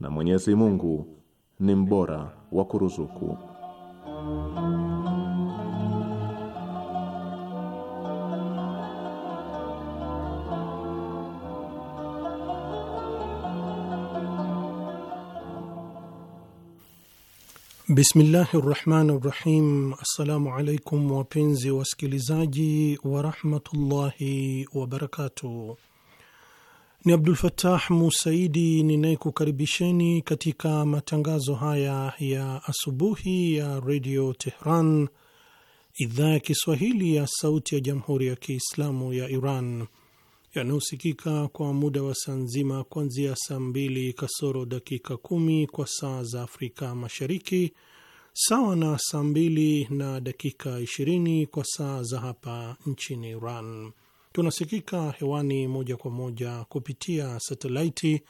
na Mwenyezi Mungu ni mbora wa kuruzuku. Bismillahi rahmani rahim. Assalamu alaikum wapenzi wasikilizaji warahmatullahi wabarakatuh. Ni Abdul Fatah Musaidi ninayekukaribisheni katika matangazo haya ya asubuhi ya redio Tehran, idhaa ya Kiswahili ya sauti ya jamhuri ya Kiislamu ya Iran, yanayosikika kwa muda wa saa nzima kuanzia saa mbili kasoro dakika kumi kwa saa za Afrika Mashariki, sawa na saa mbili na dakika ishirini kwa saa za hapa nchini Iran Tunasikika hewani moja kwa moja kupitia satelaiti,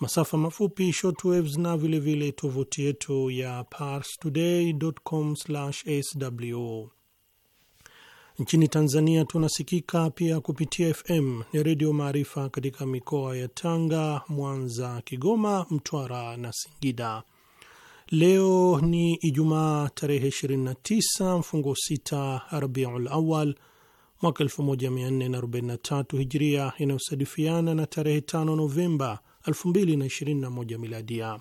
masafa mafupi short waves, na vilevile tovuti yetu ya pars parstoday.com/sw. Nchini Tanzania tunasikika pia kupitia FM ni Redio Maarifa katika mikoa ya Tanga, Mwanza, Kigoma, Mtwara na Singida. Leo ni Ijumaa tarehe 29 mfungo 6 Rabiul Awal mwaka 1443 Hijria, inayosadifiana na tarehe 5 Novemba 2021 Miladia.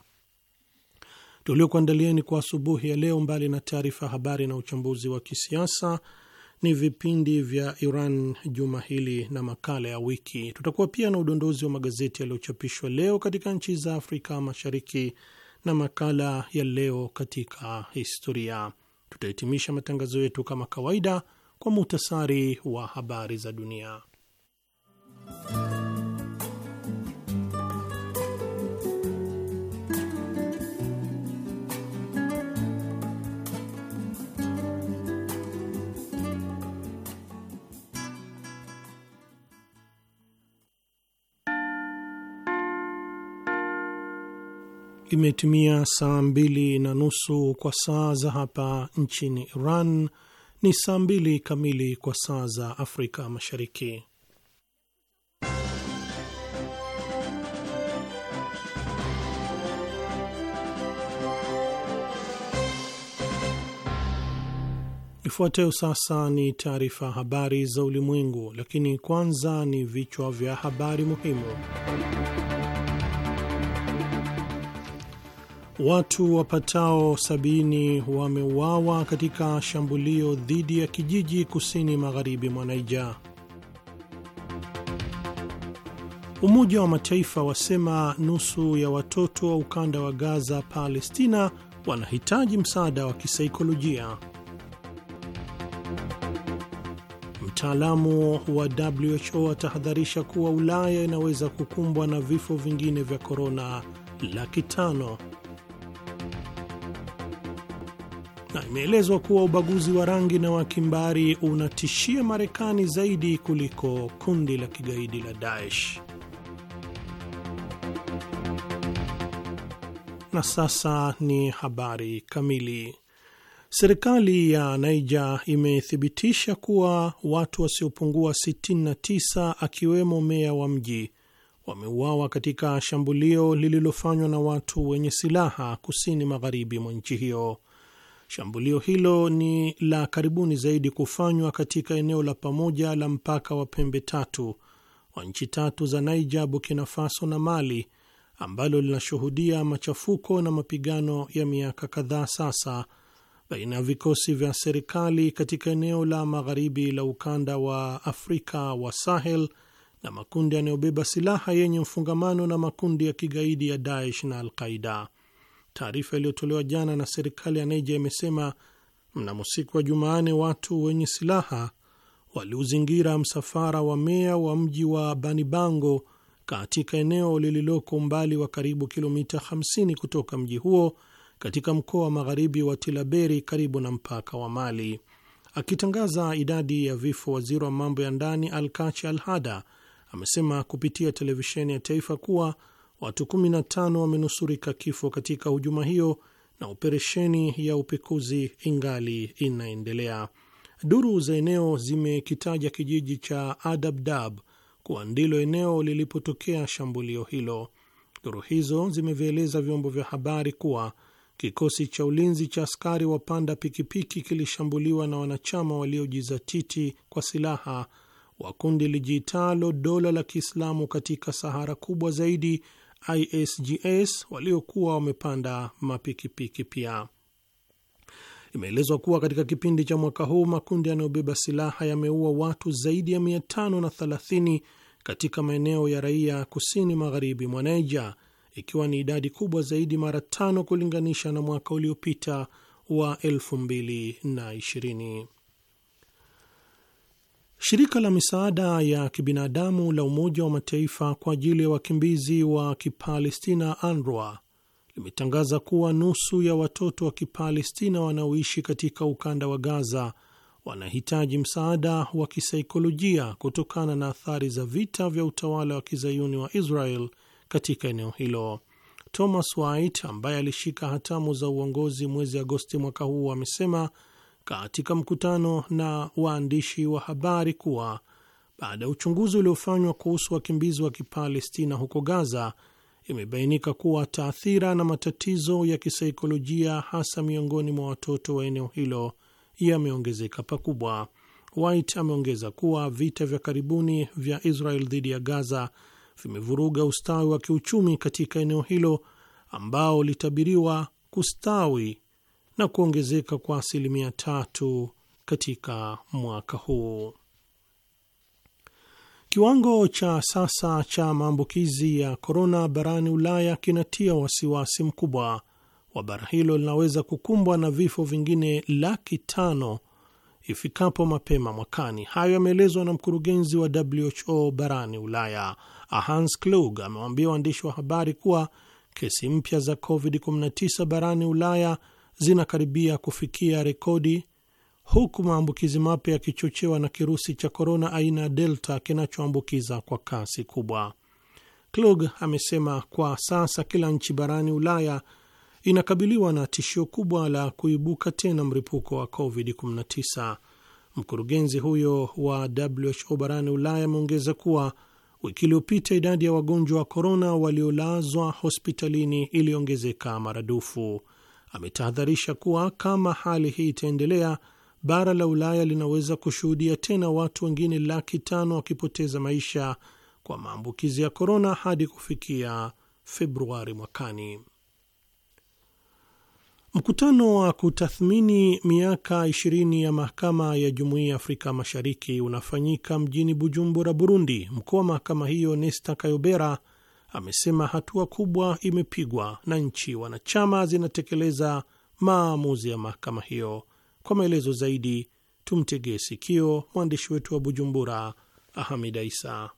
Tuliokuandalieni kwa asubuhi ya leo, mbali na taarifa habari na uchambuzi wa kisiasa, ni vipindi vya Iran juma hili na makala ya wiki. Tutakuwa pia na udondozi wa magazeti yaliyochapishwa leo katika nchi za Afrika Mashariki na makala ya leo katika historia. Tutahitimisha matangazo yetu kama kawaida kwa muhtasari wa habari za dunia. Imetimia saa mbili na nusu kwa saa za hapa nchini Iran ni saa mbili kamili kwa saa za Afrika Mashariki. Ifuatayo sasa ni taarifa habari za ulimwengu, lakini kwanza ni vichwa vya habari muhimu. Watu wapatao sabini wameuawa katika shambulio dhidi ya kijiji kusini magharibi mwa Naija. Umoja wa Mataifa wasema nusu ya watoto wa ukanda wa Gaza Palestina wanahitaji msaada wa kisaikolojia. Mtaalamu wa WHO atahadharisha kuwa Ulaya inaweza kukumbwa na vifo vingine vya korona laki tano. na imeelezwa kuwa ubaguzi wa rangi na wa kimbari unatishia Marekani zaidi kuliko kundi la kigaidi la Daesh. Na sasa ni habari kamili. Serikali ya Niger imethibitisha kuwa watu wasiopungua 69 akiwemo meya wa mji wameuawa katika shambulio lililofanywa na watu wenye silaha kusini magharibi mwa nchi hiyo. Shambulio hilo ni la karibuni zaidi kufanywa katika eneo la pamoja la mpaka wa pembe tatu wa nchi tatu za Niger, Burkina Faso na Mali, ambalo linashuhudia machafuko na mapigano ya miaka kadhaa sasa baina ya vikosi vya serikali katika eneo la magharibi la ukanda wa Afrika wa Sahel na makundi yanayobeba silaha yenye mfungamano na makundi ya kigaidi ya Daesh na Alqaida. Taarifa iliyotolewa jana na serikali ya Niger imesema mnamo siku ya Jumanne watu wenye silaha waliuzingira msafara wa meya wa mji wa Banibango katika eneo lililoko umbali wa karibu kilomita 50 kutoka mji huo katika mkoa wa magharibi wa Tilaberi karibu na mpaka wa Mali. Akitangaza idadi ya vifo, waziri wa mambo ya ndani Alkachi Alhada amesema kupitia televisheni ya taifa kuwa watu 15 wamenusurika kifo katika hujuma hiyo na operesheni ya upekuzi ingali inaendelea. Duru za eneo zimekitaja kijiji cha Adabdab kuwa ndilo eneo lilipotokea shambulio hilo. Duru hizo zimevieleza vyombo vya habari kuwa kikosi cha ulinzi cha askari wapanda pikipiki kilishambuliwa na wanachama waliojizatiti kwa silaha wa kundi lijiitalo Dola la Kiislamu katika Sahara kubwa zaidi ISGS waliokuwa wamepanda mapikipiki pia. Imeelezwa kuwa katika kipindi cha mwaka huu makundi yanayobeba silaha yameua watu zaidi ya 530 katika maeneo ya raia kusini magharibi mwa naija ikiwa ni idadi kubwa zaidi mara tano kulinganisha na mwaka uliopita wa 2020. Shirika la misaada ya kibinadamu la Umoja wa Mataifa kwa ajili ya wakimbizi wa Kipalestina UNRWA limetangaza kuwa nusu ya watoto wa Kipalestina wanaoishi katika ukanda wa Gaza wanahitaji msaada wa kisaikolojia kutokana na athari za vita vya utawala wa kizayuni wa Israel katika eneo hilo. Thomas White ambaye alishika hatamu za uongozi mwezi Agosti mwaka huu amesema katika mkutano na waandishi wa habari kuwa baada ya uchunguzi uliofanywa kuhusu wakimbizi wa Kipalestina huko Gaza imebainika kuwa taathira na matatizo ya kisaikolojia hasa miongoni mwa watoto wa eneo hilo yameongezeka pakubwa. White ameongeza kuwa vita vya karibuni vya Israel dhidi ya Gaza vimevuruga ustawi wa kiuchumi katika eneo hilo ambao litabiriwa kustawi na kuongezeka kwa asilimia tatu katika mwaka huu. Kiwango cha sasa cha maambukizi ya korona barani Ulaya kinatia wasiwasi mkubwa wa bara hilo linaweza kukumbwa na vifo vingine laki tano ifikapo mapema mwakani. Hayo yameelezwa na mkurugenzi wa WHO barani Ulaya, Hans Klug. amewaambia waandishi wa habari kuwa kesi mpya za COVID-19 barani Ulaya zinakaribia kufikia rekodi huku maambukizi mapya yakichochewa na kirusi cha korona aina ya delta kinachoambukiza kwa kasi kubwa. Klug amesema kwa sasa kila nchi barani Ulaya inakabiliwa na tishio kubwa la kuibuka tena mlipuko wa COVID-19. Mkurugenzi huyo wa WHO barani Ulaya ameongeza kuwa wiki iliyopita idadi ya wagonjwa wa korona waliolazwa hospitalini iliongezeka maradufu ametahadharisha kuwa kama hali hii itaendelea, bara la Ulaya linaweza kushuhudia tena watu wengine laki tano wakipoteza maisha kwa maambukizi ya korona hadi kufikia Februari mwakani. Mkutano wa kutathmini miaka 20 ya mahakama ya jumuiya ya Afrika Mashariki unafanyika mjini Bujumbura, Burundi. Mkuu wa mahakama hiyo Nesta Kayobera amesema hatua kubwa imepigwa na nchi wanachama zinatekeleza maamuzi ya mahakama hiyo. Kwa maelezo zaidi tumtegee sikio mwandishi wetu wa Bujumbura, Ahamida Isa.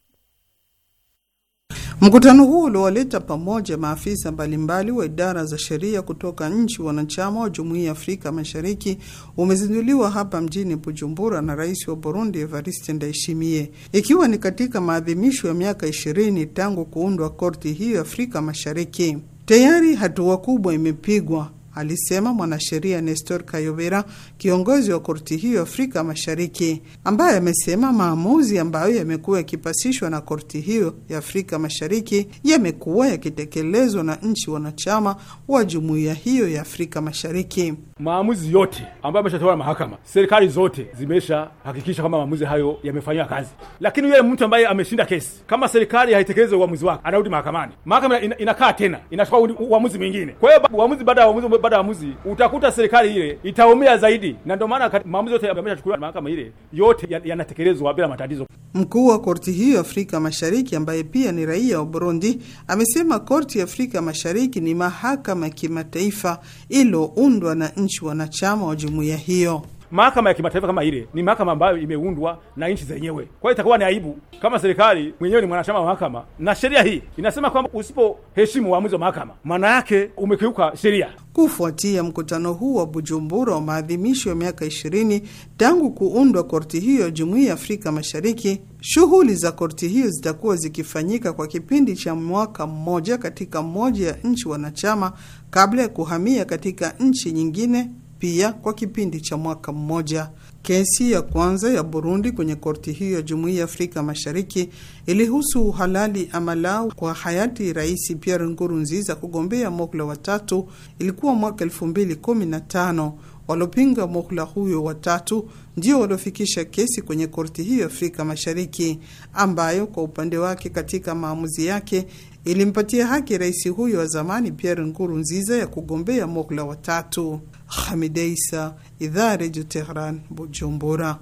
Mkutano huu uliowaleta pamoja maafisa mbalimbali wa idara za sheria kutoka nchi wanachama wa Jumuiya ya Afrika Mashariki umezinduliwa hapa mjini Bujumbura na Rais wa Burundi Evariste Ndayishimiye, ikiwa ni katika maadhimisho ya miaka ishirini tangu kuundwa korti hiyo Afrika Mashariki. Tayari hatua kubwa imepigwa alisema mwanasheria Nestor Kayobera, kiongozi wa korti hiyo Afrika Mashariki, ambaye amesema maamuzi ambayo yamekuwa yakipasishwa na korti hiyo ya Afrika Mashariki yamekuwa yakitekelezwa na nchi wanachama wa jumuiya hiyo ya Afrika Mashariki. Maamuzi yote ambayo ameshatoa na mahakama, serikali zote zimeshahakikisha kwamba maamuzi hayo yamefanyiwa kazi, lakini yule mtu ambaye ameshinda kesi, kama serikali haitekelezi uamuzi wake, anarudi mahakamani. Mahakama inakaa tena inachukua uamuzi mwingine. Kwa hiyo uamuzi baada ya uamuzi baada ya maamuzi, utakuta serikali ile itaumia zaidi, na ndio maana maamuzi yote yameshachukuliwa na mahakama ile, yote yanatekelezwa bila matatizo. Mkuu wa korti hiyo Afrika Mashariki ambaye pia ni raia wa Burundi amesema korti ya Afrika Mashariki ni mahakama ya kimataifa iliyoundwa na nchi wanachama wa jumuiya hiyo mahakama ya kimataifa kama ile ni mahakama ambayo imeundwa na nchi zenyewe. Kwa hiyo itakuwa ni aibu kama serikali mwenyewe ni mwanachama wa mahakama, na sheria hii inasema kwamba usipoheshimu uamuzi wa mahakama, maana yake umekiuka sheria. Kufuatia mkutano huu wa Bujumbura wa maadhimisho ya miaka ishirini tangu kuundwa korti hiyo ya Jumuiya ya Afrika Mashariki, shughuli za korti hiyo zitakuwa zikifanyika kwa kipindi cha mwaka mmoja katika mmoja ya nchi wanachama kabla ya kuhamia katika nchi nyingine pia kwa kipindi cha mwaka mmoja. Kesi ya kwanza ya Burundi kwenye korti hiyo ya Jumuiya ya Afrika Mashariki ilihusu uhalali amalau kwa hayati Rais Pierre Nkurunziza kugombea mokla watatu. Ilikuwa mwaka elfu mbili kumi na tano. Waliopinga muhula huyo watatu ndio waliofikisha kesi kwenye korti hiyo ya Afrika Mashariki, ambayo kwa upande wake katika maamuzi yake ilimpatia haki rais huyo wa zamani Pierre Nkurunziza ya kugombea mokla watatu. Hamideisa, idhaa redio Tehran, Bujumbura.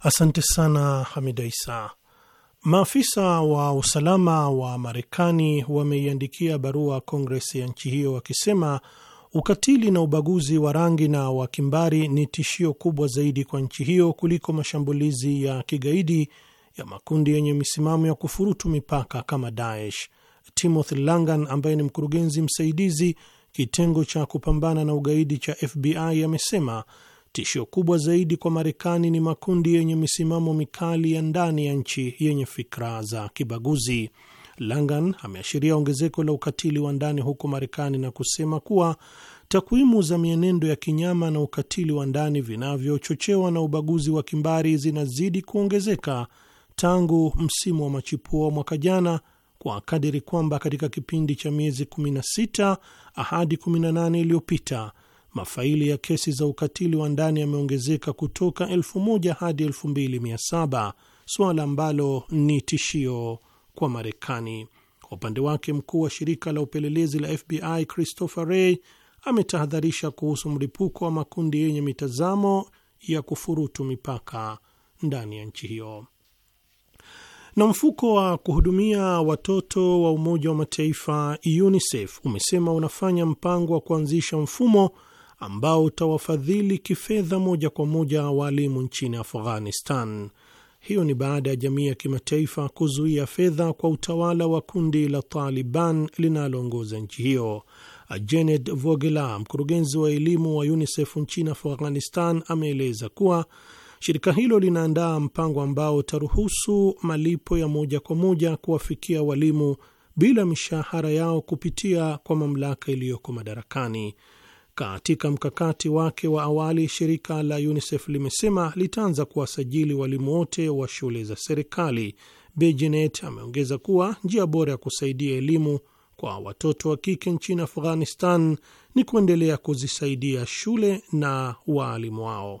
Asante sana Hamideisa. Maafisa wa usalama wa Marekani wameiandikia barua Kongres ya nchi hiyo wakisema ukatili na ubaguzi wa rangi na wa kimbari ni tishio kubwa zaidi kwa nchi hiyo kuliko mashambulizi ya kigaidi ya makundi yenye misimamo ya kufurutu mipaka kama Daesh. Timothy Langan ambaye ni mkurugenzi msaidizi kitengo cha kupambana na ugaidi cha FBI amesema tishio kubwa zaidi kwa Marekani ni makundi yenye misimamo mikali ya ndani ya nchi yenye fikra za kibaguzi. Langan ameashiria ongezeko la ukatili wa ndani huko Marekani na kusema kuwa takwimu za mienendo ya kinyama na ukatili wa ndani vinavyochochewa na ubaguzi wa kimbari zinazidi kuongezeka tangu msimu wa machipuo mwaka jana kwa kadiri kwamba katika kipindi cha miezi 16 hadi 18 iliyopita mafaili ya kesi za ukatili wa ndani yameongezeka kutoka 1000 hadi 2700, suala ambalo ni tishio kwa Marekani. Kwa upande wake, mkuu wa shirika la upelelezi la FBI Christopher Wray ametahadharisha kuhusu mlipuko wa makundi yenye mitazamo ya kufurutu mipaka ndani ya nchi hiyo. Na mfuko wa kuhudumia watoto wa Umoja wa Mataifa UNICEF umesema unafanya mpango wa kuanzisha mfumo ambao utawafadhili kifedha moja kwa moja waalimu nchini Afghanistan. Hiyo ni baada ya jamii ya kimataifa kuzuia fedha kwa utawala wa kundi la Taliban linaloongoza nchi hiyo. Janet Vogela, mkurugenzi wa elimu wa UNICEF nchini Afghanistan, ameeleza kuwa Shirika hilo linaandaa mpango ambao utaruhusu malipo ya moja kwa moja kuwafikia walimu bila mishahara yao kupitia kwa mamlaka iliyoko madarakani. Katika mkakati wake wa awali, shirika la UNICEF limesema litaanza kuwasajili walimu wote wa shule za serikali. Bejinet ameongeza kuwa njia bora ya kusaidia elimu kwa watoto wa kike nchini Afghanistan ni kuendelea kuzisaidia shule na waalimu wao.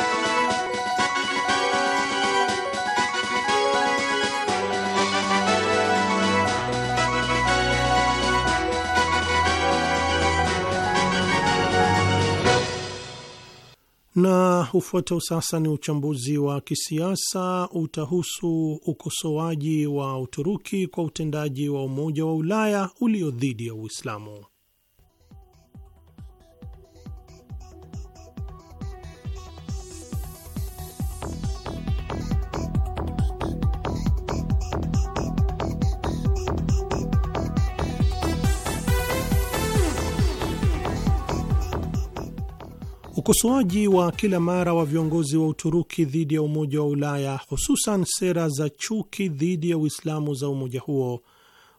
Na ufuatao sasa ni uchambuzi wa kisiasa utahusu ukosoaji wa Uturuki kwa utendaji wa Umoja wa Ulaya ulio dhidi ya Uislamu. Ukosoaji wa kila mara wa viongozi wa Uturuki dhidi ya Umoja wa Ulaya, hususan sera za chuki dhidi ya Uislamu za umoja huo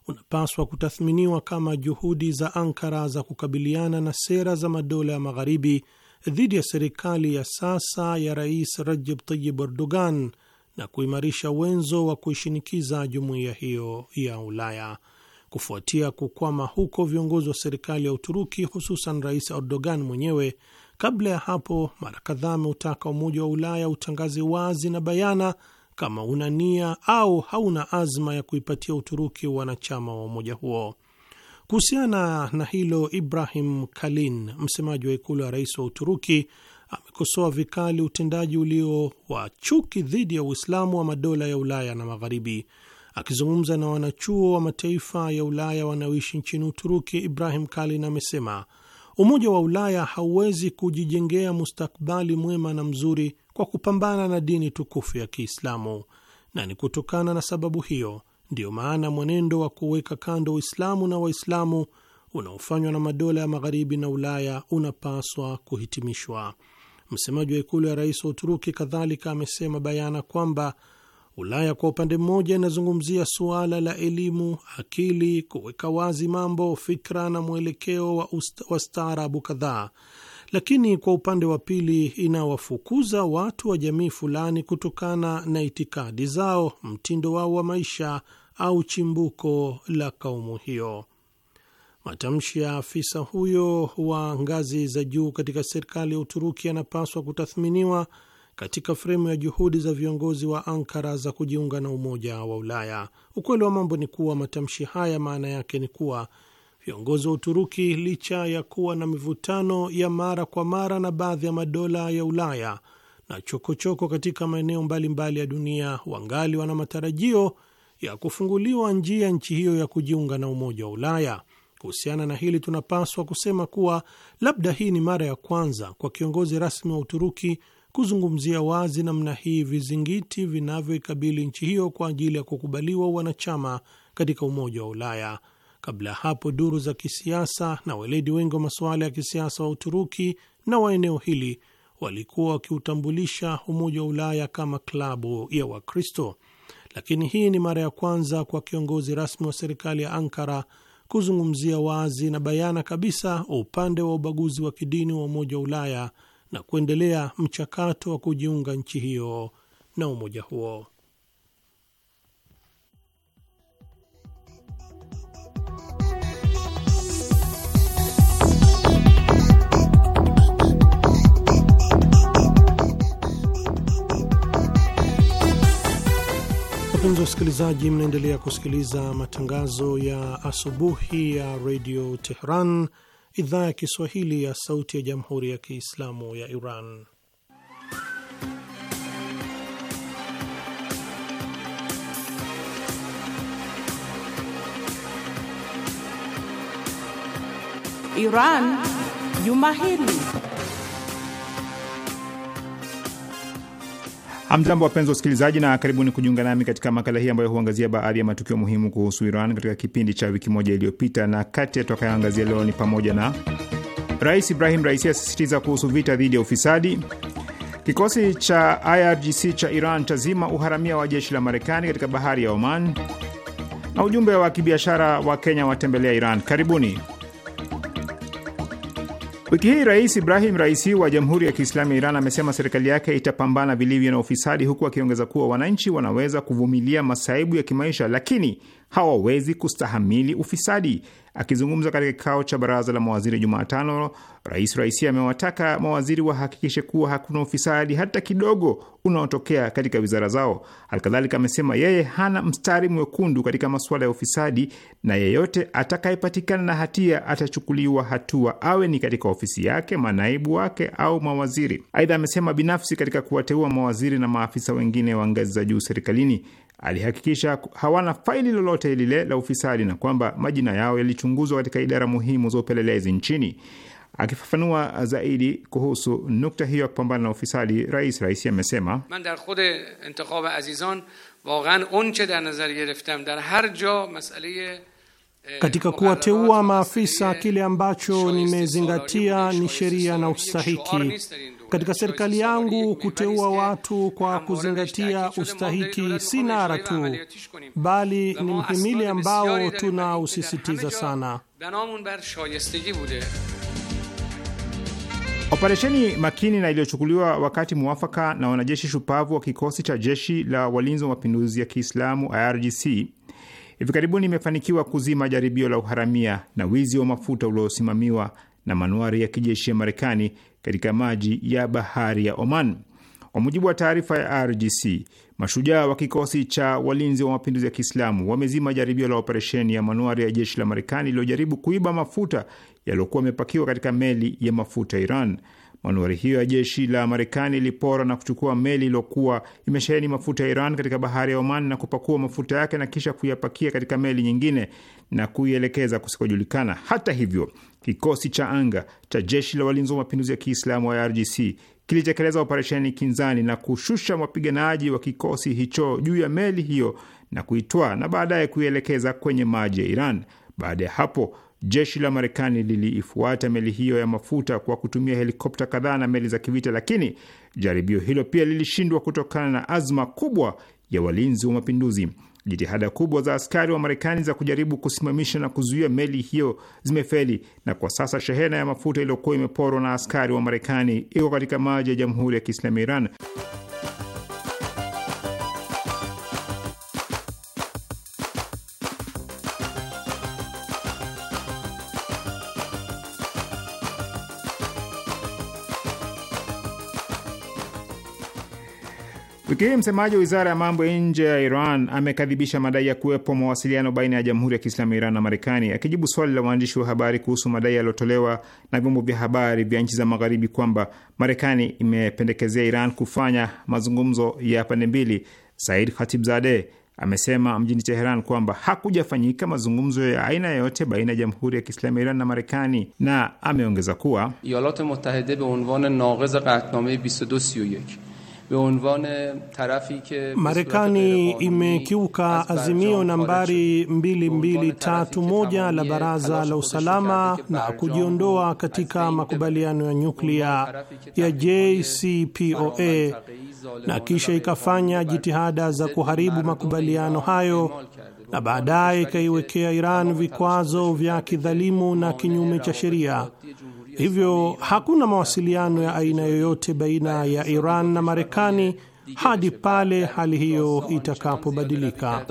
unapaswa kutathminiwa kama juhudi za Ankara za kukabiliana na sera za madola ya magharibi dhidi ya serikali ya sasa ya Rais Recep Tayyip Erdogan na kuimarisha wenzo wa kuishinikiza jumuiya hiyo ya Ulaya. Kufuatia kukwama huko, viongozi wa serikali ya Uturuki hususan Rais Erdogan mwenyewe Kabla ya hapo, mara kadhaa ameutaka Umoja wa Ulaya utangaze wazi na bayana kama una nia au hauna azma ya kuipatia Uturuki wanachama wa umoja huo. Kuhusiana na hilo, Ibrahim Kalin, msemaji wa ikulu ya rais wa Uturuki, amekosoa vikali utendaji ulio wa chuki dhidi ya Uislamu wa madola ya Ulaya na Magharibi. Akizungumza na wanachuo wa mataifa ya Ulaya wanaoishi nchini Uturuki, Ibrahim Kalin amesema Umoja wa Ulaya hauwezi kujijengea mustakbali mwema na mzuri kwa kupambana na dini tukufu ya Kiislamu, na ni kutokana na sababu hiyo ndiyo maana mwenendo wa kuweka kando Uislamu na Waislamu unaofanywa na madola ya Magharibi na Ulaya unapaswa kuhitimishwa. Msemaji wa ikulu ya rais wa Uturuki kadhalika amesema bayana kwamba Ulaya kwa upande mmoja inazungumzia suala la elimu, akili, kuweka wazi mambo, fikra na mwelekeo wa wastaarabu kadhaa, lakini kwa upande wa pili inawafukuza watu wa jamii fulani kutokana na itikadi zao, mtindo wao wa maisha au chimbuko la kaumu hiyo. Matamshi ya afisa huyo wa ngazi za juu katika serikali ya Uturuki yanapaswa kutathminiwa katika fremu ya juhudi za viongozi wa Ankara za kujiunga na Umoja wa Ulaya. Ukweli wa mambo ni kuwa matamshi haya maana yake ni kuwa viongozi wa Uturuki, licha ya kuwa na mivutano ya mara kwa mara na baadhi ya madola ya Ulaya na chokochoko choko katika maeneo mbalimbali ya dunia, wangali wana matarajio ya kufunguliwa njia nchi hiyo ya kujiunga na Umoja wa Ulaya. Kuhusiana na hili, tunapaswa kusema kuwa labda hii ni mara ya kwanza kwa kiongozi rasmi wa Uturuki kuzungumzia wazi namna hii vizingiti vinavyoikabili nchi hiyo kwa ajili ya kukubaliwa wanachama katika Umoja wa Ulaya. Kabla ya hapo, duru za kisiasa na weledi wengi wa masuala ya kisiasa wa Uturuki na wa eneo hili walikuwa wakiutambulisha Umoja wa Ulaya kama klabu ya Wakristo, lakini hii ni mara ya kwanza kwa kiongozi rasmi wa serikali ya Ankara kuzungumzia wazi na bayana kabisa upande wa ubaguzi wa kidini wa Umoja wa Ulaya na kuendelea mchakato wa kujiunga nchi hiyo na umoja huo. Wapenzi wasikilizaji, mnaendelea kusikiliza matangazo ya asubuhi ya redio Teheran, idhaa ya Kiswahili ya Sauti ya Jamhuri ya Kiislamu ya Iran. Iran Juma Hili. Amjambo, wapenzi wa usikilizaji, na karibuni kujiunga nami katika makala hii ambayo huangazia baadhi ya matukio muhimu kuhusu Iran katika kipindi cha wiki moja iliyopita, na kati ya tutakayoangazia leo ni pamoja na Rais Ibrahim Raisi asisitiza kuhusu vita dhidi ya ufisadi, kikosi cha IRGC cha Iran chazima uharamia wa jeshi la Marekani katika bahari ya Oman, na ujumbe wa kibiashara wa Kenya watembelea Iran. Karibuni. Wiki hii Rais Ibrahim Raisi wa Jamhuri ya Kiislamu ya Iran amesema serikali yake itapambana vilivyo na ufisadi, huku akiongeza kuwa wananchi wanaweza kuvumilia masaibu ya kimaisha, lakini hawawezi kustahamili ufisadi. Akizungumza katika kikao cha baraza la mawaziri Jumatano, Rais Raisi amewataka mawaziri wahakikishe kuwa hakuna ufisadi hata kidogo unaotokea katika wizara zao. Halikadhalika amesema yeye hana mstari mwekundu katika masuala ya ufisadi, na yeyote atakayepatikana na hatia atachukuliwa hatua, awe ni katika ofisi yake, manaibu wake au mawaziri. Aidha amesema binafsi katika kuwateua mawaziri na maafisa wengine wa ngazi za juu serikalini alihakikisha hawana faili lolote lile la ufisadi na kwamba majina yao yalichunguzwa katika idara muhimu za upelelezi nchini. Akifafanua zaidi kuhusu nukta hiyo ya kupambana na ufisadi, rais Raisi amesema katika eh, kuwateua maafisa, eh, kile ambacho nimezingatia ni sheria na ustahiki. Katika serikali yangu, kuteua eh, watu kwa kuzingatia ustahiki si nara tu, bali ni mhimili ambao tunausisitiza sana. Operesheni makini na iliyochukuliwa wakati mwafaka na wanajeshi shupavu wa kikosi cha jeshi la walinzi wa mapinduzi ya Kiislamu IRGC Hivi karibuni imefanikiwa kuzima jaribio la uharamia na wizi wa mafuta uliosimamiwa na manuari ya kijeshi ya Marekani katika maji ya bahari ya Oman. Kwa mujibu wa taarifa ya RGC, mashujaa wa kikosi cha walinzi wa mapinduzi ya Kiislamu wamezima jaribio la operesheni ya manuari ya jeshi la Marekani iliyojaribu kuiba mafuta yaliyokuwa yamepakiwa katika meli ya mafuta Iran. Manuari hiyo ya jeshi la Marekani ilipora na kuchukua meli iliyokuwa imesheheni mafuta ya Iran katika bahari ya Oman na kupakua mafuta yake na kisha kuyapakia katika meli nyingine na kuielekeza kusikojulikana. Hata hivyo, kikosi cha anga cha jeshi la walinzi wa mapinduzi ya Kiislamu wa IRGC kilitekeleza operesheni kinzani na kushusha wapiganaji wa kikosi hicho juu ya meli hiyo na kuitwaa na baadaye kuielekeza kwenye maji ya Iran. Baada ya hapo Jeshi la Marekani liliifuata meli hiyo ya mafuta kwa kutumia helikopta kadhaa na meli za kivita, lakini jaribio hilo pia lilishindwa kutokana na azma kubwa ya walinzi wa mapinduzi. Jitihada kubwa za askari wa Marekani za kujaribu kusimamisha na kuzuia meli hiyo zimefeli, na kwa sasa shehena ya mafuta iliyokuwa imeporwa na askari wa Marekani iko katika maji ya Jamhuri ya Kiislamu ya Iran. Wiki hii msemaji wa wizara ya mambo ya nje ya Iran amekadhibisha madai ya kuwepo mawasiliano baina ya jamhuri ya kiislamu ya Iran na Marekani. Akijibu swali la waandishi wa habari kuhusu madai yaliyotolewa na vyombo vya habari vya nchi za Magharibi kwamba Marekani imependekezea Iran kufanya mazungumzo ya pande mbili, Said Khatibzadeh amesema mjini Teheran kwamba hakujafanyika mazungumzo ya aina yoyote baina ya jamhuri ya kiislamu ya Iran na Marekani, na ameongeza kuwa iyalat mutahide be unvan naqiz qatname 2231 Marekani imekiuka azimio nambari 2231 la Baraza la Usalama na kujiondoa katika makubaliano ya nyuklia ya JCPOA na kisha ikafanya jitihada za kuharibu makubaliano hayo na baadaye ikaiwekea Iran vikwazo vya kidhalimu na kinyume cha sheria Hivyo hakuna mawasiliano ya aina yoyote baina ya Iran na Marekani hadi pale hali hiyo itakapobadilika.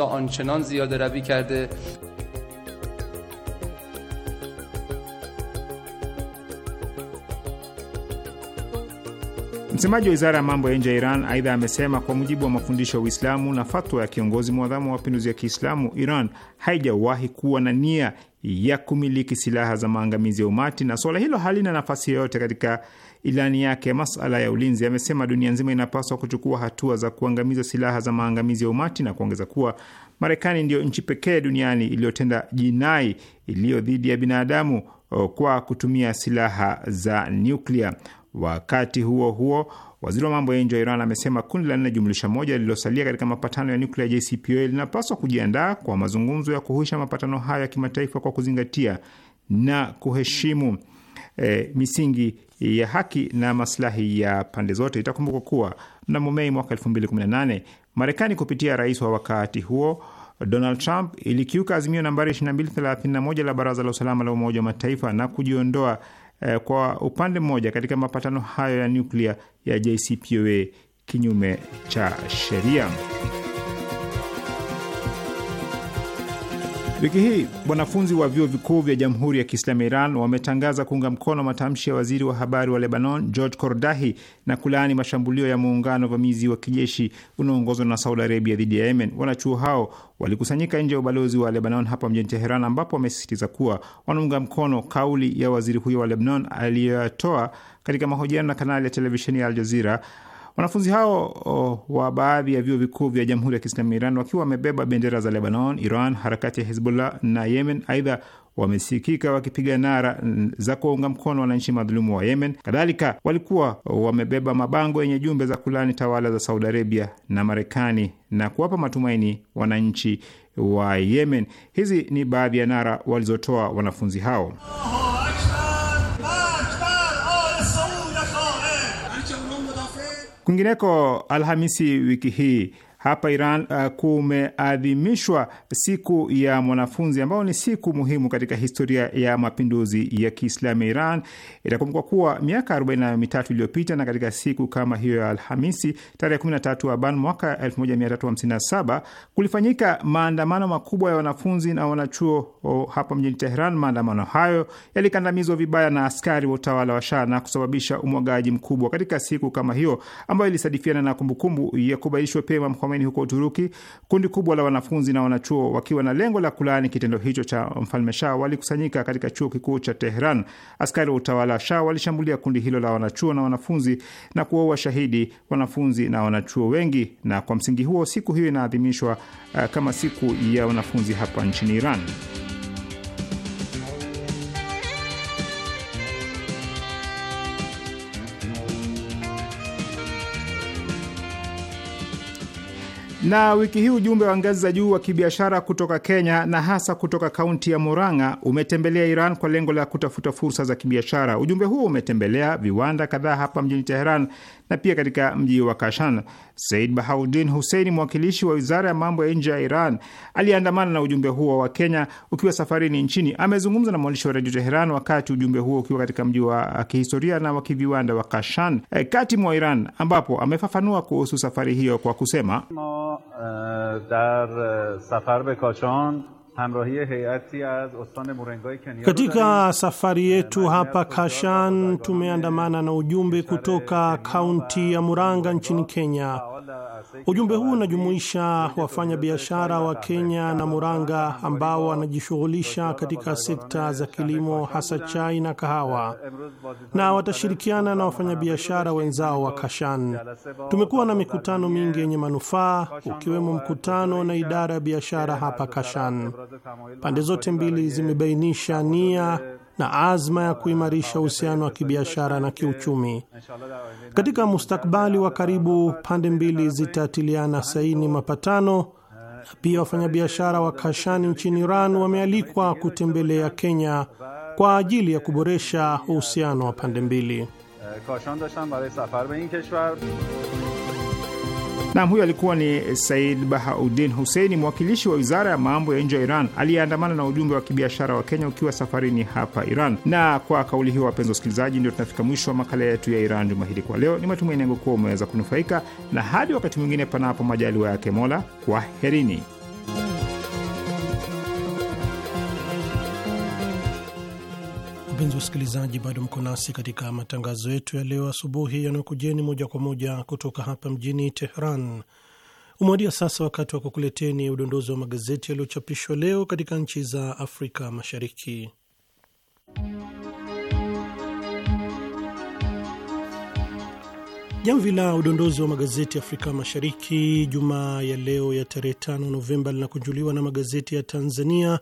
Msemaji wa wizara ya mambo ya nje ya Iran aidha amesema kwa mujibu wa mafundisho ya Uislamu na fatwa ya kiongozi mwadhamu wa mapinduzi ya Kiislamu, Iran haijawahi kuwa na nia ya kumiliki silaha za maangamizi ya umati na suala hilo halina nafasi yoyote katika ilani yake ya masala ya ulinzi. Amesema dunia nzima inapaswa kuchukua hatua za kuangamiza silaha za maangamizi ya umati na kuongeza kuwa Marekani ndiyo nchi pekee duniani iliyotenda jinai iliyo dhidi ya binadamu oh, kwa kutumia silaha za nyuklia. Wakati huo huo Waziri wa mambo ya nje wa Iran amesema kundi la nne jumlisha moja lililosalia katika mapatano ya nuklia JCPOA linapaswa kujiandaa kwa mazungumzo ya kuhuisha mapatano hayo ya kimataifa kwa kuzingatia na kuheshimu e, misingi ya haki na maslahi ya pande zote. Itakumbukwa kuwa mnamo Mei mwaka 2018 Marekani kupitia rais wa wakati huo Donald Trump ilikiuka azimio nambari 2231 la Baraza la Usalama la Umoja wa Mataifa na kujiondoa eh, kwa upande mmoja katika mapatano hayo ya nyuklia ya JCPOA kinyume cha sheria. Wiki hii wanafunzi wa vyuo vikuu vya Jamhuri ya Kiislamu ya Iran wametangaza kuunga mkono matamshi ya waziri wa habari wa Lebanon George Kordahi na kulaani mashambulio ya muungano vamizi wa kijeshi unaoongozwa na Saudi Arabia dhidi ya Yemen. Wanachuo hao walikusanyika nje ya ubalozi wa Lebanon hapa mjini Teheran, ambapo wamesisitiza kuwa wanaunga mkono kauli ya waziri huyo wa Lebanon aliyoyatoa katika mahojiano na kanali ya televisheni ya aljazira Wanafunzi hao oh, wa baadhi ya vyuo vikuu vya Jamhuri ya Kiislamu Iran wakiwa wamebeba bendera za Lebanon, Iran, harakati ya Hezbollah na Yemen. Aidha, wamesikika wakipiga nara za kuwaunga mkono wananchi madhulumu wa Yemen. Kadhalika, walikuwa wamebeba mabango yenye jumbe za kulani tawala za Saudi Arabia na Marekani na kuwapa matumaini wananchi wa Yemen. Hizi ni baadhi ya nara walizotoa wanafunzi hao. Kwingineko, Alhamisi wiki hii hapa Iran uh, kumeadhimishwa siku ya mwanafunzi ambayo ni siku muhimu katika historia ya mapinduzi ya Kiislamu ya Iran. Itakumbukwa kuwa miaka 43 iliyopita na katika siku kama hiyo ya Alhamisi tarehe 13 Aban mwaka 1357 kulifanyika maandamano makubwa ya wanafunzi na wanachuo oh, hapa mjini Tehran. Maandamano hayo yalikandamizwa vibaya na askari wa utawala wa Shah na kusababisha umwagaji mkubwa katika siku kama hiyo ambayo ilisadifiana na kumbukumbu ya kubadilishwa pema Khomeini huko Uturuki, kundi kubwa la wanafunzi na wanachuo wakiwa na lengo la kulaani kitendo hicho cha mfalme Shah walikusanyika katika chuo kikuu cha Tehran. Askari wa utawala Shah walishambulia kundi hilo la wanachuo na wanafunzi na kuwaua shahidi wanafunzi na wanachuo wengi, na kwa msingi huo siku hiyo inaadhimishwa uh, kama siku ya wanafunzi hapa nchini Iran. Na wiki hii ujumbe wa ngazi za juu wa kibiashara kutoka Kenya na hasa kutoka kaunti ya Murang'a umetembelea Iran kwa lengo la kutafuta fursa za kibiashara. Ujumbe huo umetembelea viwanda kadhaa hapa mjini Teheran na pia katika mji wa Kashan. Said Bahauddin Hussein, mwakilishi wa wizara ya mambo ya nje ya Iran aliyeandamana na ujumbe huo wa Kenya ukiwa safarini nchini, amezungumza na mwandishi wa redio Teheran wakati ujumbe huo ukiwa katika mji wa kihistoria na wa kiviwanda wa Kashan e, kati mwa Iran, ambapo amefafanua kuhusu safari hiyo kwa kusema uh, dar, uh, safar be katika safari yetu hapa Kashan tumeandamana na ujumbe kutoka kaunti ya Murang'a nchini Kenya Ujumbe huu unajumuisha wafanyabiashara wa Kenya na Muranga ambao wanajishughulisha katika sekta za kilimo, hasa chai na kahawa, na watashirikiana na wafanyabiashara wenzao wa Kashan. Tumekuwa na mikutano mingi yenye manufaa, ukiwemo mkutano na idara ya biashara hapa Kashan. Pande zote mbili zimebainisha nia na azma ya kuimarisha uhusiano wa kibiashara na kiuchumi. Katika mustakbali wa karibu, pande mbili zitatiliana saini mapatano na pia wafanyabiashara wa kashani nchini Iran wamealikwa kutembelea Kenya kwa ajili ya kuboresha uhusiano wa pande mbili. Nam huyo alikuwa ni Said Bahauddin Huseini, mwakilishi wa wizara ya mambo ya nje ya Iran aliyeandamana na ujumbe wa kibiashara wa Kenya ukiwa safarini hapa Iran. Na kwa kauli hiyo, wapenzi wasikilizaji, ndio tunafika mwisho wa makala yetu ya Iran juma hili kwa leo. Ni matumaini yangu kuwa umeweza kunufaika na. Hadi wakati mwingine, panapo majaliwa yake Mola, kwaherini. Wapenzi wasikilizaji, bado mko nasi katika matangazo yetu ya leo asubuhi yanayokujeni moja kwa moja kutoka hapa mjini Teheran. Umewadia sasa wakati wa kukuleteni udondozi wa magazeti yaliyochapishwa leo katika nchi za Afrika Mashariki. Jamvi la udondozi wa magazeti Afrika Mashariki jumaa ya leo ya tarehe 5 Novemba linakunjuliwa na magazeti ya Tanzania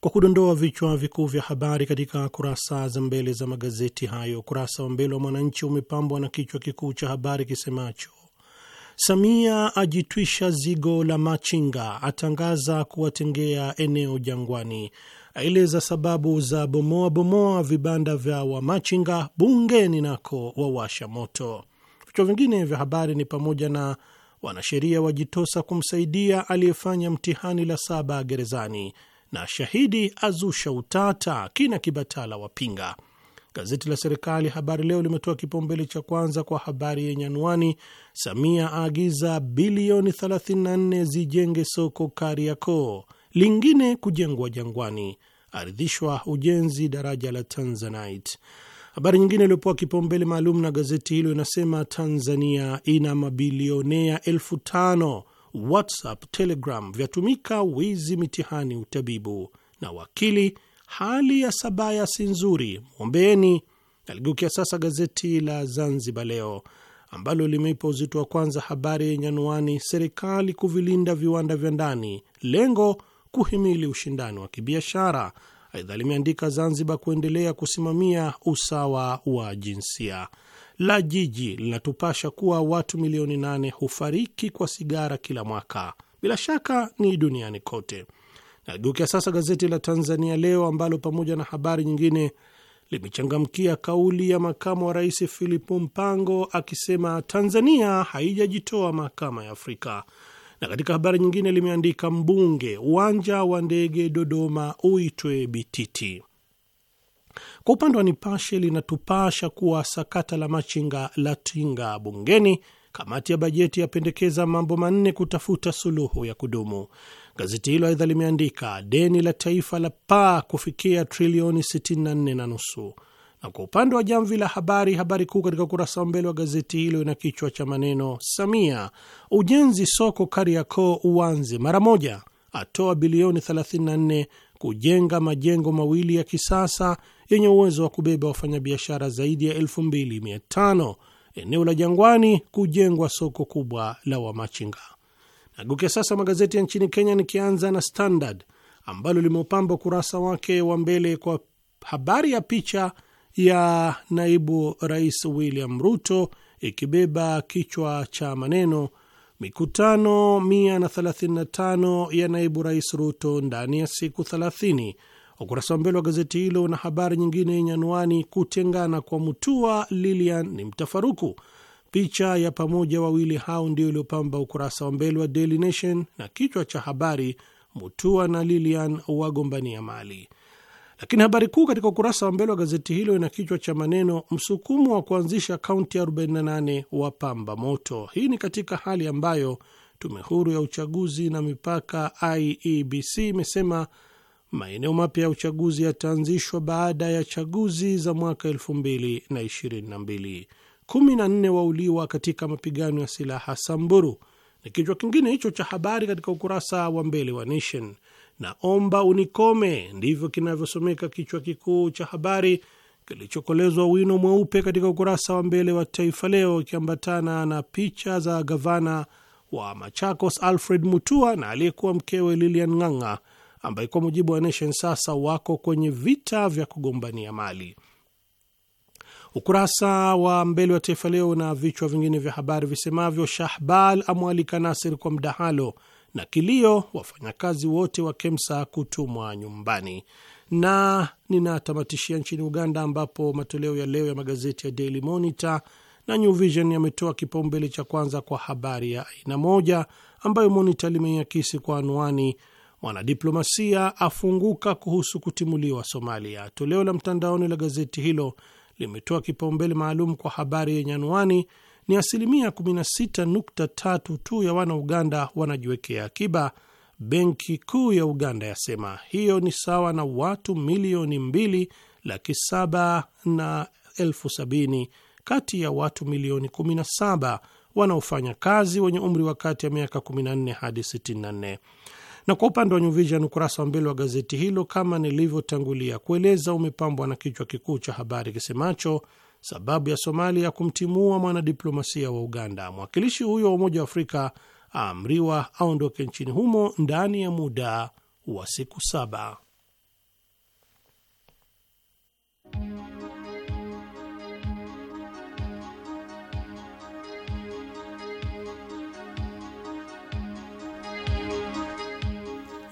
kwa kudondoa vichwa vikuu vya habari katika kurasa za mbele za magazeti hayo. Ukurasa wa mbele wa Mwananchi umepambwa na kichwa kikuu cha habari kisemacho Samia ajitwisha zigo la machinga, atangaza kuwatengea eneo Jangwani, aeleza sababu za bomoa bomoa vibanda vya wamachinga, bungeni nako wawasha moto. Vichwa vingine vya habari ni pamoja na wanasheria wajitosa kumsaidia aliyefanya mtihani la saba gerezani, na shahidi azusha utata, kina Kibatala wapinga. Gazeti la serikali Habari Leo limetoa kipaumbele cha kwanza kwa habari yenye anwani, Samia aagiza bilioni 34 zijenge soko Kariakoo, lingine kujengwa Jangwani, aridhishwa ujenzi daraja la Tanzanite. Habari nyingine iliyopewa kipaumbele maalum na gazeti hilo inasema Tanzania ina mabilionea elfu tano WhatsApp, Telegram vyatumika wizi mitihani utabibu. Na wakili hali ya Sabaya si nzuri, mwombeeni. Naligeukia sasa gazeti la Zanzibar Leo ambalo limeipa uzito wa kwanza habari yenye anwani serikali kuvilinda viwanda vya ndani, lengo kuhimili ushindani wa kibiashara. Aidha limeandika Zanzibar kuendelea kusimamia usawa wa jinsia la Jiji linatupasha kuwa watu milioni nane hufariki kwa sigara kila mwaka, bila shaka ni duniani kote. Nageukia sasa gazeti la Tanzania Leo ambalo pamoja na habari nyingine limechangamkia kauli ya makamu wa rais Filipu Mpango akisema Tanzania haijajitoa mahakama ya Afrika. Na katika habari nyingine limeandika mbunge, uwanja wa ndege Dodoma uitwe Bititi. Kwa upande wa Nipashe linatupasha kuwa sakata la machinga la tinga bungeni, kamati ya bajeti yapendekeza mambo manne kutafuta suluhu ya kudumu. Gazeti hilo aidha limeandika deni la taifa la paa kufikia trilioni 64 na nusu. Na kwa upande wa jamvi la habari, habari kuu katika ukurasa wa mbele wa gazeti hilo ina kichwa cha maneno Samia, ujenzi soko Kariakoo uanze mara moja, atoa bilioni 34 kujenga majengo mawili ya kisasa yenye uwezo wa kubeba wafanyabiashara zaidi ya 2500 eneo la Jangwani kujengwa soko kubwa la wamachinga. Naguke sasa magazeti ya nchini Kenya, nikianza na Standard ambalo limeupamba ukurasa wake wa mbele kwa habari ya picha ya naibu rais William Ruto ikibeba kichwa cha maneno mikutano 135 ya naibu rais Ruto ndani ya siku Ukurasa wa mbele wa gazeti hilo na habari nyingine yenye anwani kutengana kwa Mutua Lilian ni mtafaruku. Picha ya pamoja wawili hao ndio iliyopamba ukurasa wa mbele wa Daily Nation na kichwa cha habari, Mutua na Lilian wagombania mali. Lakini habari kuu katika ukurasa wa mbele wa gazeti hilo ina kichwa cha maneno, msukumo wa kuanzisha kaunti 48 wa pamba moto. Hii ni katika hali ambayo tume huru ya uchaguzi na mipaka IEBC imesema maeneo mapya ya uchaguzi yataanzishwa baada ya chaguzi za mwaka kumi na nne wauliwa katika mapigano ya silaha Samburu ni kichwa kingine hicho cha habari katika ukurasa wa mbele wa Nation. Naomba unikome, ndivyo kinavyosomeka kichwa kikuu cha habari kilichokolezwa wino mweupe katika ukurasa wa mbele wa Taifa Leo, ikiambatana na picha za gavana wa Machakos Alfred Mutua na aliyekuwa mkewe Lilian Ng'ang'a ambaye kwa mujibu wa Nation sasa wako kwenye vita vya kugombania mali. Ukurasa wa mbele wa Taifa Leo na vichwa vingine vya habari visemavyo: Shahbal amwalika Nasir kwa mdahalo na kilio, wafanyakazi wote wa KEMSA kutumwa nyumbani. Na ninatamatishia nchini Uganda, ambapo matoleo ya leo ya magazeti ya Daily Monitor na New Vision yametoa kipaumbele cha kwanza kwa habari ya aina moja ambayo Monitor limeiakisi kwa anwani Mwanadiplomasia afunguka kuhusu kutimuliwa Somalia. Toleo la mtandaoni la gazeti hilo limetoa kipaumbele maalum kwa habari yenye anwani ni asilimia 16.3 tu ya wana Uganda wanajiwekea akiba, benki kuu ya Uganda yasema. Hiyo ni sawa na watu milioni mbili laki saba na elfu sabini kati ya watu milioni 17 wanaofanya kazi wenye umri wa kati ya miaka 14 hadi 64. Na kwa upande wa New Vision, ukurasa wa mbele wa gazeti hilo kama nilivyotangulia kueleza umepambwa na kichwa kikuu cha habari kisemacho sababu ya Somalia kumtimua mwanadiplomasia wa Uganda, mwakilishi huyo wa Umoja wa Afrika aamriwa aondoke nchini humo ndani ya muda wa siku saba.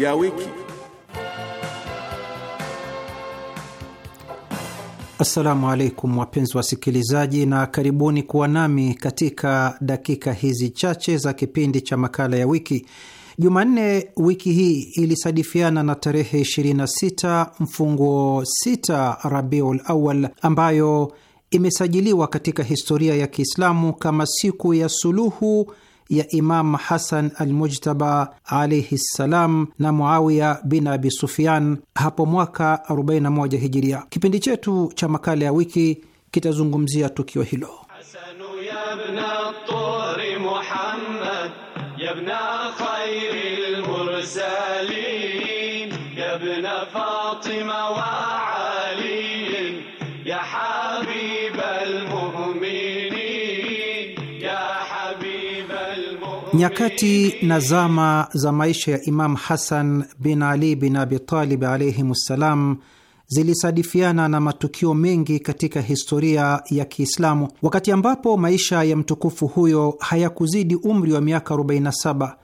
ya wiki. Assalamu alaikum wapenzi wasikilizaji, na karibuni kuwa nami katika dakika hizi chache za kipindi cha makala ya wiki. Jumanne wiki hii ilisadifiana na tarehe 26 mfungo 6 Rabiul Awal ambayo imesajiliwa katika historia ya Kiislamu kama siku ya suluhu ya Imam Hasan Almujtaba alaihi ssalam na Muawiya bin Abi Sufyan hapo mwaka 41 Hijiria. Kipindi chetu cha makala ya wiki kitazungumzia tukio hilo. Nyakati na zama za maisha ya Imam Hasan bin Ali bin Abitalib alaihim ssalam zilisadifiana na matukio mengi katika historia ya Kiislamu, wakati ambapo maisha ya mtukufu huyo hayakuzidi umri wa miaka 47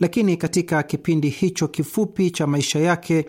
lakini katika kipindi hicho kifupi cha maisha yake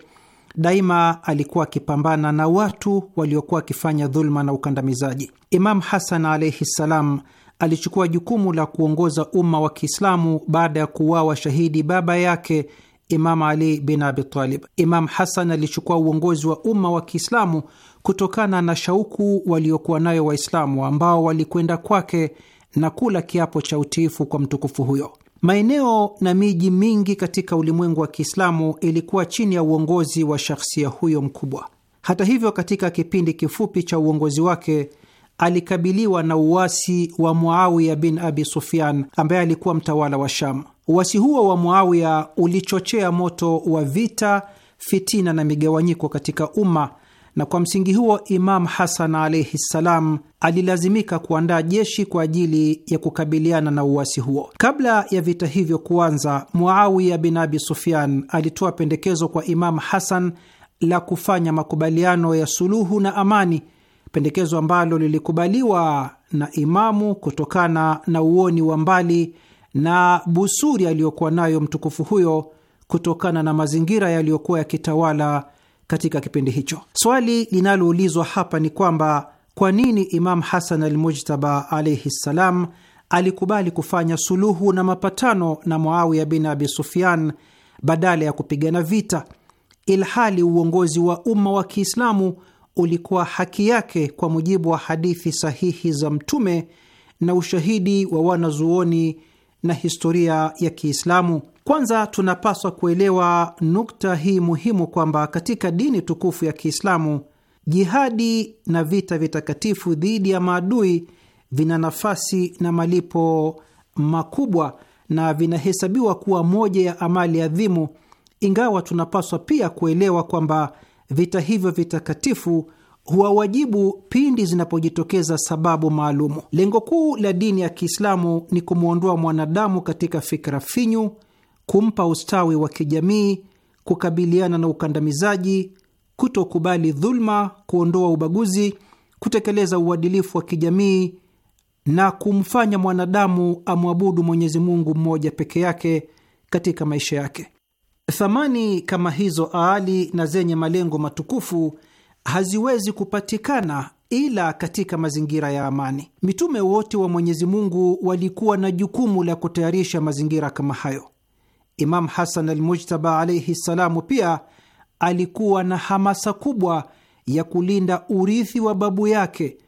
daima alikuwa akipambana na watu waliokuwa wakifanya dhuluma na ukandamizaji. Imam Hasan alaihi ssalam alichukua jukumu la kuongoza umma wa Kiislamu baada ya kuuawa shahidi baba yake Imam Ali bin Abi Talib. Imam Hasan alichukua uongozi wa umma wa Kiislamu kutokana na shauku waliokuwa nayo Waislamu ambao walikwenda kwake na kula kiapo cha utiifu kwa mtukufu huyo. Maeneo na miji mingi katika ulimwengu wa Kiislamu ilikuwa chini ya uongozi wa shakhsia huyo mkubwa. Hata hivyo, katika kipindi kifupi cha uongozi wake alikabiliwa na uwasi wa Muawiya bin Abi Sufyan ambaye alikuwa mtawala wa Sham. Uwasi huo wa Muawiya ulichochea moto wa vita, fitina na migawanyiko katika umma, na kwa msingi huo Imam Hasan alaihi ssalam alilazimika kuandaa jeshi kwa ajili ya kukabiliana na uwasi huo. Kabla ya vita hivyo kuanza, Muawiya bin Abi Sufyan alitoa pendekezo kwa Imam Hasan la kufanya makubaliano ya suluhu na amani pendekezo ambalo lilikubaliwa na Imamu kutokana na uoni wa mbali na busuri aliyokuwa nayo mtukufu huyo kutokana na mazingira yaliyokuwa yakitawala katika kipindi hicho. Swali linaloulizwa hapa ni kwamba kwa nini Imam Hasan Almujtaba alaihi ssalam alikubali kufanya suluhu na mapatano na Muawiya bin Abi Sufyan badala ya kupigana vita, ilhali uongozi wa umma wa Kiislamu ulikuwa haki yake kwa mujibu wa hadithi sahihi za Mtume na ushahidi wa wanazuoni na historia ya Kiislamu. Kwanza tunapaswa kuelewa nukta hii muhimu kwamba katika dini tukufu ya Kiislamu, jihadi na vita vitakatifu dhidi ya maadui vina nafasi na malipo makubwa na vinahesabiwa kuwa moja ya amali adhimu, ingawa tunapaswa pia kuelewa kwamba vita hivyo vitakatifu huwawajibu pindi zinapojitokeza sababu maalumu. Lengo kuu la dini ya Kiislamu ni kumwondoa mwanadamu katika fikra finyu, kumpa ustawi wa kijamii, kukabiliana na ukandamizaji, kutokubali dhuluma, kuondoa ubaguzi, kutekeleza uadilifu wa kijamii na kumfanya mwanadamu amwabudu Mwenyezi Mungu mmoja peke yake katika maisha yake. Thamani kama hizo aali na zenye malengo matukufu haziwezi kupatikana ila katika mazingira ya amani. Mitume wote wa Mwenyezi Mungu walikuwa na jukumu la kutayarisha mazingira kama hayo. Imam Hasan Almujtaba alaihi ssalamu pia alikuwa na hamasa kubwa ya kulinda urithi wa babu yake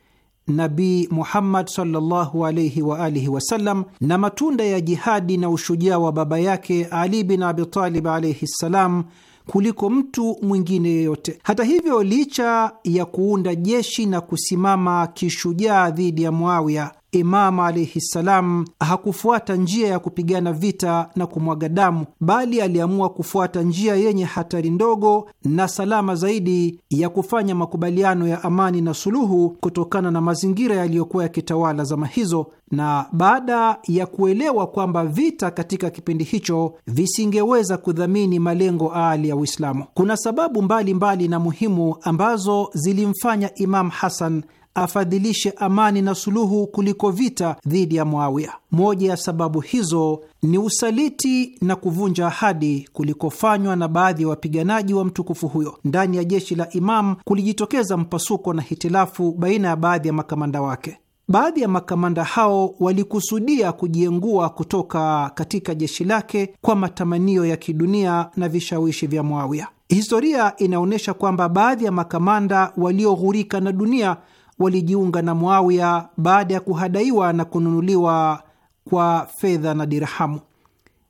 Nabii Muhammad sallallahu alaihi wa alihi wasallam na matunda ya jihadi na ushujaa wa baba yake Ali bin Abitalib alaihi ssalam kuliko mtu mwingine yeyote. Hata hivyo, licha ya kuunda jeshi na kusimama kishujaa dhidi ya Muawiya, Imamu alaihi ssalam hakufuata njia ya kupigana vita na kumwaga damu, bali aliamua kufuata njia yenye hatari ndogo na salama zaidi ya kufanya makubaliano ya amani na suluhu kutokana na mazingira yaliyokuwa yakitawala zama hizo, na baada ya kuelewa kwamba vita katika kipindi hicho visingeweza kudhamini malengo aali ya Uislamu. Kuna sababu mbalimbali mbali na muhimu ambazo zilimfanya Imamu Hasan afadhilishe amani na suluhu kuliko vita dhidi ya mwawia Moja ya sababu hizo ni usaliti na kuvunja ahadi kulikofanywa na baadhi ya wapiganaji wa mtukufu huyo. Ndani ya jeshi la imamu kulijitokeza mpasuko na hitilafu baina ya baadhi ya makamanda wake. Baadhi ya makamanda hao walikusudia kujiengua kutoka katika jeshi lake kwa matamanio ya kidunia na vishawishi vya mwawia Historia inaonyesha kwamba baadhi ya makamanda walioghurika na dunia walijiunga na Muawiya baada ya kuhadaiwa na kununuliwa kwa fedha na dirhamu.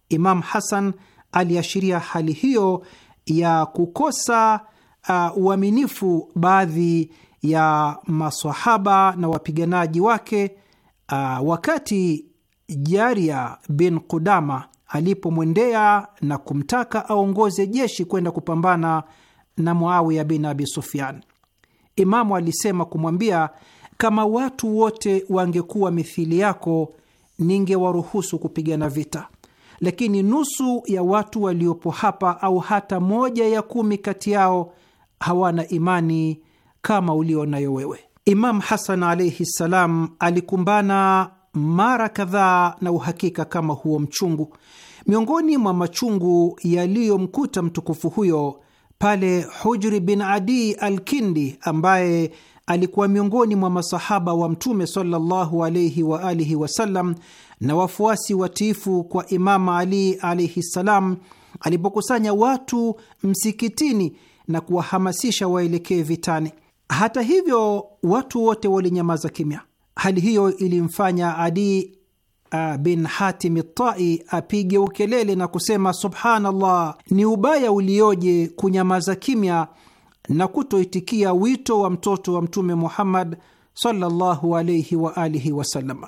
Imam Hasan aliashiria hali hiyo ya kukosa uh, uaminifu baadhi ya masahaba na wapiganaji wake uh, wakati Jaria bin Kudama alipomwendea na kumtaka aongoze jeshi kwenda kupambana na Muawiya bin Abi Sufyan. Imamu alisema kumwambia, kama watu wote wangekuwa mithili yako ningewaruhusu kupigana vita, lakini nusu ya watu waliopo hapa au hata moja ya kumi kati yao hawana imani kama ulio nayo wewe. Imamu Hasan alaihi ssalam alikumbana mara kadhaa na uhakika kama huo mchungu. Miongoni mwa machungu yaliyomkuta mtukufu huyo pale Hujri bin Adi al-Kindi ambaye alikuwa miongoni mwa masahaba wa Mtume sallallahu alayhi wa alihi wasallam na wafuasi watiifu kwa Imama Ali alaihi ssalam, alipokusanya watu msikitini na kuwahamasisha waelekee vitani. Hata hivyo, watu wote walinyamaza kimya. Hali hiyo ilimfanya Adi bin Hatim Tai apige ukelele na kusema subhanallah, ni ubaya ulioje kunyamaza kimya na kutoitikia wito wa mtoto wa Mtume Muhammad sallallahu alayhi wa alihi wasallam.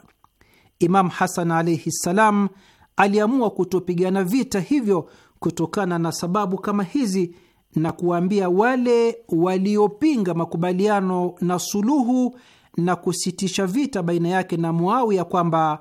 Imam Hasan alaihi ssalam aliamua kutopigana vita hivyo kutokana na sababu kama hizi na kuwaambia wale waliopinga makubaliano na suluhu na kusitisha vita baina yake na Muawiya kwamba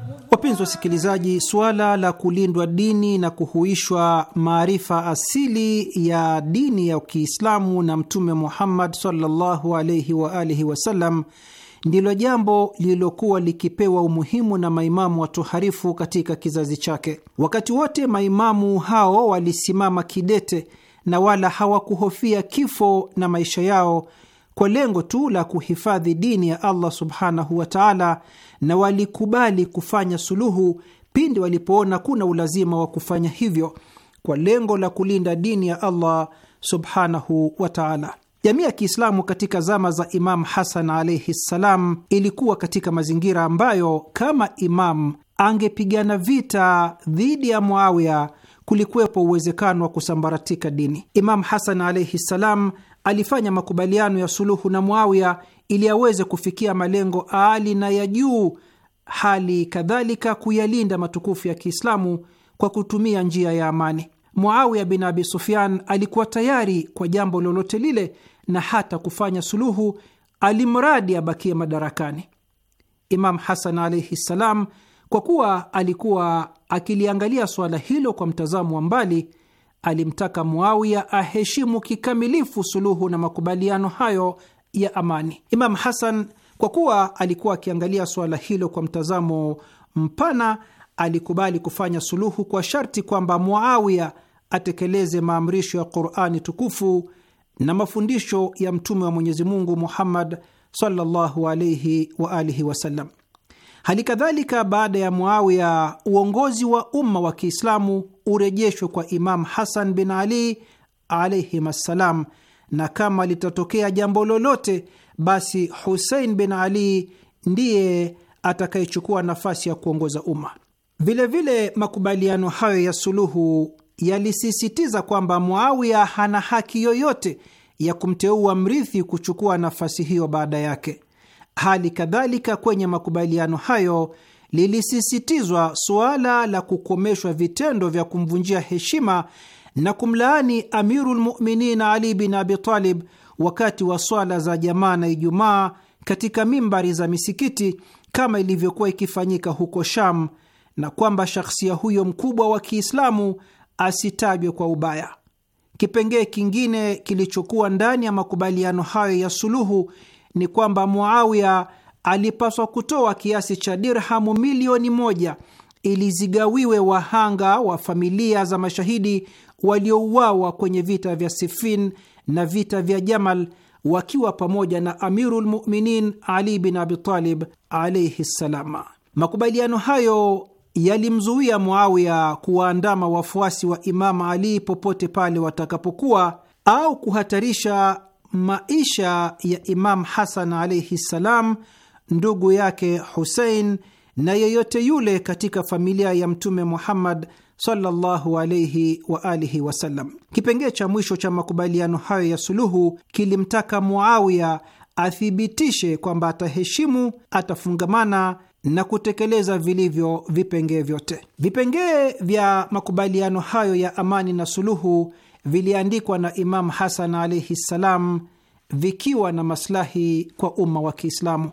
Wapenzi wasikilizaji, suala la kulindwa dini na kuhuishwa maarifa asili ya dini ya Kiislamu na Mtume Muhammad sallallahu alaihi wa alihi wasallam ndilo jambo lililokuwa likipewa umuhimu na maimamu watoharifu katika kizazi chake. Wakati wote maimamu hao walisimama kidete na wala hawakuhofia kifo na maisha yao kwa lengo tu la kuhifadhi dini ya Allah subhanahu wa taala, na walikubali kufanya suluhu pindi walipoona kuna ulazima wa kufanya hivyo kwa lengo la kulinda dini ya Allah subhanahu wa taala. Jamii ya Kiislamu katika zama za imamu Hasan alaihi ssalam ilikuwa katika mazingira ambayo kama imamu angepigana vita dhidi ya Muawiya kulikuwepo uwezekano wa kusambaratika dini. Imamu Hasan alaihi ssalam alifanya makubaliano ya suluhu na Muawiya ili aweze kufikia malengo aali na ya juu, hali kadhalika kuyalinda matukufu ya Kiislamu kwa kutumia njia ya amani. Muawiya bin Abi Sufyan alikuwa tayari kwa jambo lolote lile na hata kufanya suluhu, alimradi abakie madarakani. Imam Hasan alaihi ssalam, kwa kuwa alikuwa akiliangalia suala hilo kwa mtazamo wa mbali alimtaka Muawiya aheshimu kikamilifu suluhu na makubaliano hayo ya amani. Imam Hasan, kwa kuwa alikuwa akiangalia suala hilo kwa mtazamo mpana, alikubali kufanya suluhu kwa sharti kwamba Muawiya atekeleze maamrisho ya Qurani tukufu na mafundisho ya Mtume wa Mwenyezi Mungu Muhammad sallallahu alaihi wa alihi wasallam. Hali kadhalika, baada ya Muawiya, uongozi wa umma wa Kiislamu urejeshwe kwa Imam Hasan bin Ali alaihim assalam, na kama litatokea jambo lolote, basi Husein bin Ali ndiye atakayechukua nafasi ya kuongoza umma. Vilevile, makubaliano hayo ya suluhu yalisisitiza kwamba Muawiya hana haki yoyote ya kumteua mrithi kuchukua nafasi hiyo baada yake. Hali kadhalika kwenye makubaliano hayo lilisisitizwa suala la kukomeshwa vitendo vya kumvunjia heshima na kumlaani amirulmuminin Ali bin Abitalib wakati wa swala za jamaa na Ijumaa katika mimbari za misikiti kama ilivyokuwa ikifanyika huko Sham, na kwamba shakhsia huyo mkubwa wa Kiislamu asitajwe kwa ubaya. Kipengee kingine kilichokuwa ndani ya makubaliano hayo ya suluhu ni kwamba Muawiya alipaswa kutoa kiasi cha dirhamu milioni moja ili zigawiwe wahanga wa familia za mashahidi waliouawa kwenye vita vya Sifin na vita vya Jamal wakiwa pamoja na amirulmuminin Ali bin Abitalib alaihi ssalama. Makubaliano hayo yalimzuia Muawiya kuwaandama wafuasi wa Imamu Ali popote pale watakapokuwa au kuhatarisha maisha ya Imam Hasan alaihi ssalam, ndugu yake Husein na yeyote yule katika familia ya Mtume Muhammad sallallahu alaihi wa alihi wasallam. Kipengee cha mwisho cha makubaliano hayo ya suluhu kilimtaka Muawiya athibitishe kwamba ataheshimu, atafungamana na kutekeleza vilivyo vipengee vyote. Vipengee vya makubaliano hayo ya amani na suluhu viliandikwa na Imam Hasan alaihi ssalam vikiwa na maslahi kwa umma wa Kiislamu.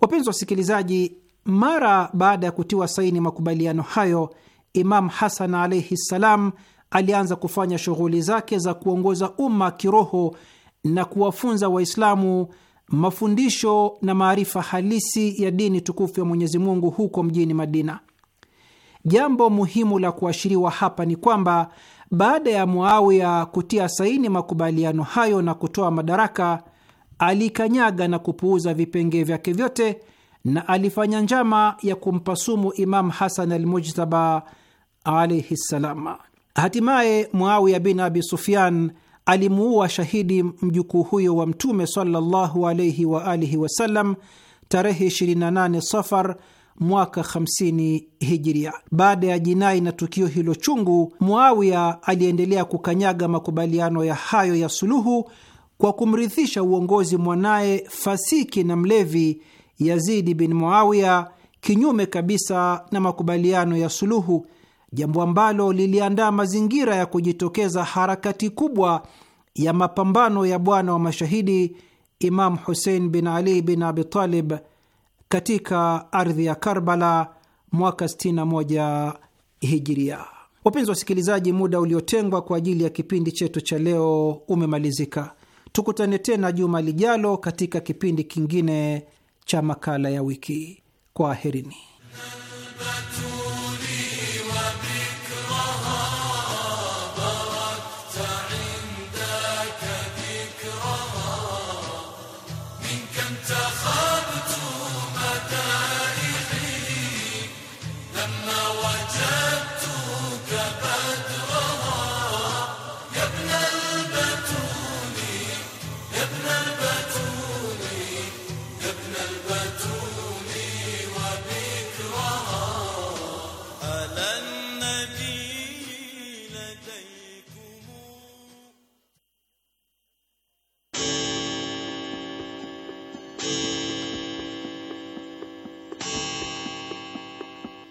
Wapenzi wasikilizaji, mara baada ya kutiwa saini makubaliano hayo, Imam Hasan alaihi ssalam alianza kufanya shughuli zake za kuongoza umma kiroho na kuwafunza Waislamu mafundisho na maarifa halisi ya dini tukufu ya Mwenyezi Mungu huko mjini Madina. Jambo muhimu la kuashiriwa hapa ni kwamba baada ya Muawiya kutia saini makubaliano hayo na kutoa madaraka, alikanyaga na kupuuza vipengee vyake vyote na alifanya njama ya kumpa sumu Imam Hasan Almujtaba alaihi ssalam. Hatimaye Muawiya bin Abi Sufyan alimuua shahidi mjukuu huyo wa Mtume sallallahu alaihi waalihi wasallam tarehe 28 Safar mwaka 50 hijiria. Baada ya jinai na tukio hilo chungu, Muawiya aliendelea kukanyaga makubaliano ya hayo ya suluhu kwa kumrithisha uongozi mwanaye fasiki na mlevi Yazidi bin Muawiya, kinyume kabisa na makubaliano ya suluhu, jambo ambalo liliandaa mazingira ya kujitokeza harakati kubwa ya mapambano ya bwana wa mashahidi Imam Husein bin Ali bin Abi Talib katika ardhi ya Karbala mwaka 61 Hijiria. Wapenzi wasikilizaji, muda uliotengwa kwa ajili ya kipindi chetu cha leo umemalizika. Tukutane tena juma lijalo katika kipindi kingine cha makala ya wiki. Kwaherini.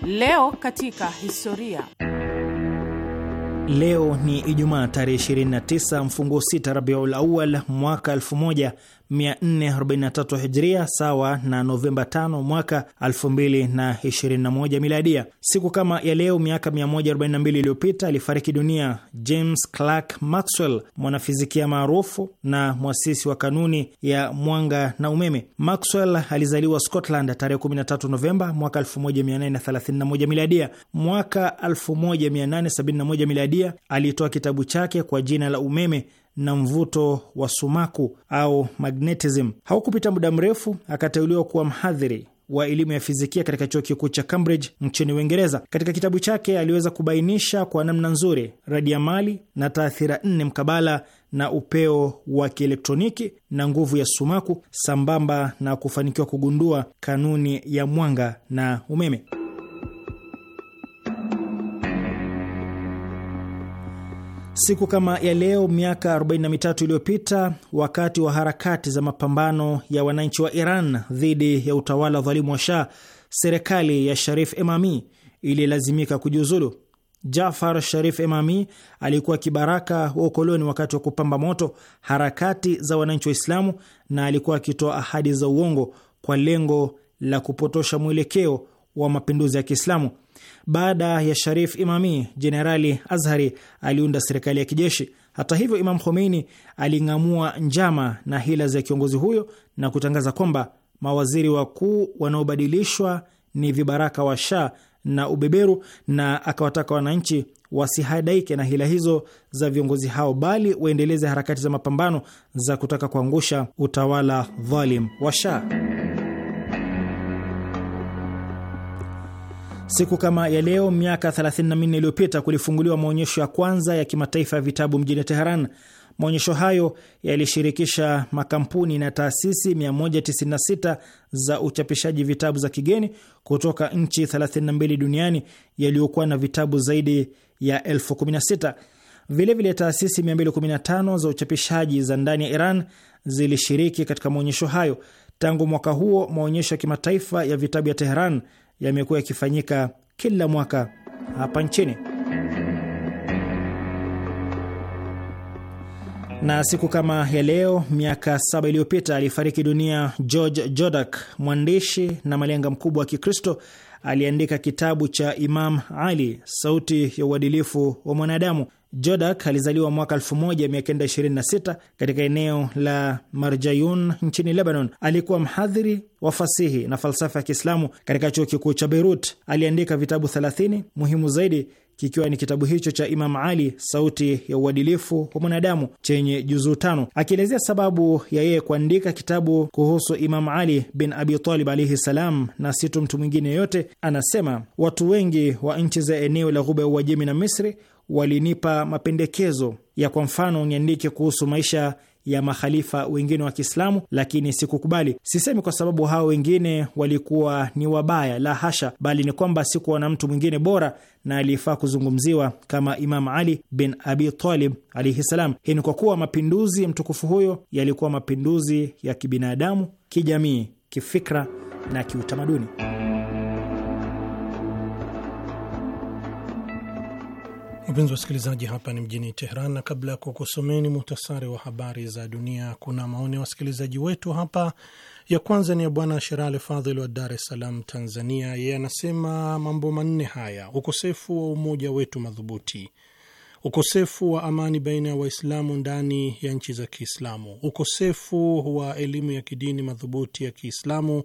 Leo katika historia. Leo ni Ijumaa tarehe 29 mfungo 6 Rabiul Awal mwaka 443 hijria sawa na Novemba 5 mwaka 2021 miladia. Siku kama ya leo miaka 142 iliyopita alifariki dunia James Clerk Maxwell, mwanafizikia maarufu na mwasisi wa kanuni ya mwanga na umeme. Maxwell alizaliwa Scotland tarehe 13 Novemba mwaka 1831 miladia. Mwaka 1871 miladia alitoa kitabu chake kwa jina la Umeme na mvuto wa sumaku au magnetism. Haukupita muda mrefu akateuliwa kuwa mhadhiri wa elimu ya fizikia katika chuo kikuu cha Cambridge nchini Uingereza. Katika kitabu chake aliweza kubainisha kwa namna nzuri radiamali na taathira nne mkabala na upeo wa kielektroniki na nguvu ya sumaku, sambamba na kufanikiwa kugundua kanuni ya mwanga na umeme. Siku kama ya leo miaka 43 iliyopita, wakati wa harakati za mapambano ya wananchi wa Iran dhidi ya utawala dhalimu wa Shah, serikali ya Sharif Emami ililazimika kujiuzulu. Jafar Sharif Emami alikuwa kibaraka wa ukoloni wakati wa kupamba moto harakati za wananchi wa Islamu na alikuwa akitoa ahadi za uongo kwa lengo la kupotosha mwelekeo wa mapinduzi ya Kiislamu. Baada ya Sharif Imami, Jenerali Azhari aliunda serikali ya kijeshi. Hata hivyo, Imam Khomeini aling'amua njama na hila za kiongozi huyo na kutangaza kwamba mawaziri wakuu wanaobadilishwa ni vibaraka wa Sha na ubeberu, na akawataka wananchi wasihadaike na hila hizo za viongozi hao, bali waendeleze harakati za mapambano za kutaka kuangusha utawala dhalim wa Shah. Siku kama ya leo miaka 34 iliyopita kulifunguliwa maonyesho ya kwanza ya kimataifa ya vitabu mjini Teheran. Maonyesho hayo yalishirikisha makampuni na taasisi 196 za uchapishaji vitabu za kigeni kutoka nchi 32 duniani yaliyokuwa na vitabu zaidi ya elfu 16. Vilevile, taasisi 215 za uchapishaji za ndani ya Iran zilishiriki katika maonyesho hayo. Tangu mwaka huo maonyesho ya kimataifa ya vitabu ya Teheran yamekuwa yakifanyika kila mwaka hapa nchini. Na siku kama ya leo miaka saba iliyopita alifariki dunia George Jodak, mwandishi na malenga mkubwa wa Kikristo. Aliandika kitabu cha Imam Ali, sauti ya uadilifu wa mwanadamu. Jodak alizaliwa mwaka 1926 katika eneo la Marjayun nchini Lebanon. Alikuwa mhadhiri wa fasihi na falsafa ya Kiislamu katika chuo kikuu cha Beirut. Aliandika vitabu 30 muhimu zaidi kikiwa ni kitabu hicho cha Imam Ali, Sauti ya Uadilifu wa Mwanadamu, chenye juzuu tano. Akielezea sababu ya yeye kuandika kitabu kuhusu Imam Ali bin Abi Talib alaihi salam, na si tu mtu mwingine yoyote anasema watu wengi wa nchi za eneo la Ghuba ya Uajemi na Misri walinipa mapendekezo ya kwa mfano niandike kuhusu maisha ya makhalifa wengine wa Kiislamu, lakini sikukubali. Sisemi kwa sababu hao wengine walikuwa ni wabaya, la hasha, bali ni kwamba sikuwa na mtu mwingine bora na aliyefaa kuzungumziwa kama Imam Ali bin Abi Talib alaihi ssalam Hii ni kwa kuwa mapinduzi ya mtukufu huyo yalikuwa mapinduzi ya kibinadamu, kijamii, kifikra na kiutamaduni. wa wasikilizaji, hapa ni mjini Teheran, na kabla ya kukusomeni muhtasari wa habari za dunia, kuna maoni ya wasikilizaji wetu hapa. Ya kwanza ni ya Bwana Sherali Fadhil wa Dar es Salaam, Tanzania. Yeye anasema mambo manne haya: ukosefu wa umoja wetu madhubuti, ukosefu wa amani baina ya Waislamu ndani ya nchi za Kiislamu, ukosefu wa elimu ya kidini madhubuti ya Kiislamu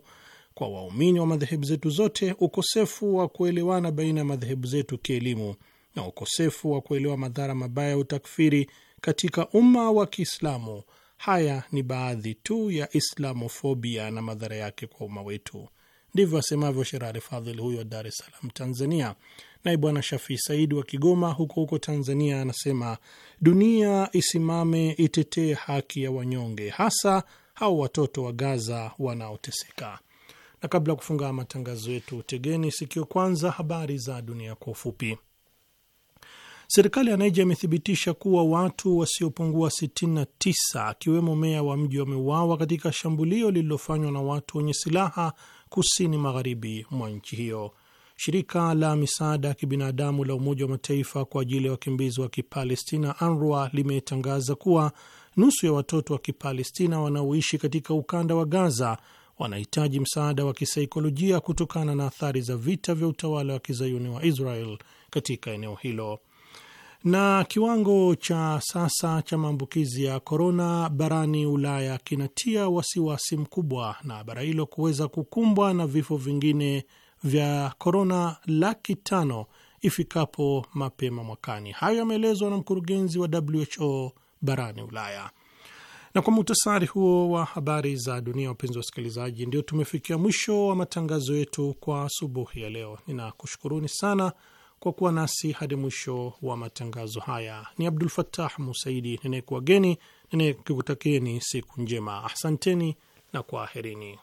kwa waumini wa madhehebu zetu zote, ukosefu wa kuelewana baina ya madhehebu zetu kielimu na ukosefu wa kuelewa madhara mabaya ya utakfiri katika umma wa Kiislamu. Haya ni baadhi tu ya islamofobia na madhara yake kwa umma wetu. Ndivyo asemavyo Sherari Fadhil huyo wa Dar es Salaam, Tanzania. Naye bwana Shafi Saidi wa Kigoma huko huko Tanzania anasema dunia isimame itetee haki ya wanyonge, hasa hao watoto wa Gaza wanaoteseka. Na kabla ya kufunga matangazo yetu, tegeni sikio kwanza habari za dunia kwa ufupi. Serikali ya Niger imethibitisha kuwa watu wasiopungua 69 akiwemo meya wa mji wameuawa katika shambulio lililofanywa na watu wenye silaha kusini magharibi mwa nchi hiyo. Shirika la misaada ya kibinadamu la Umoja wa Mataifa kwa ajili ya wakimbizi wa Kipalestina, UNRWA, limetangaza kuwa nusu ya watoto wa Kipalestina wanaoishi katika ukanda wa Gaza wanahitaji msaada wa kisaikolojia kutokana na athari za vita vya utawala wa kizayuni wa Israel katika eneo hilo. Na kiwango cha sasa cha maambukizi ya korona barani Ulaya kinatia wasiwasi mkubwa, na bara hilo kuweza kukumbwa na vifo vingine vya korona laki tano ifikapo mapema mwakani. Hayo yameelezwa na mkurugenzi wa WHO barani Ulaya. Na kwa muhtasari huo wa habari za dunia, wapenzi wa wasikilizaji, ndio tumefikia mwisho wa matangazo yetu kwa asubuhi ya leo. Ninakushukuruni sana kwa kuwa nasi hadi mwisho wa matangazo haya. Ni Abdul fatah Musaidi ninayekuwageni ninayekutakieni siku njema. Asanteni na kwaherini.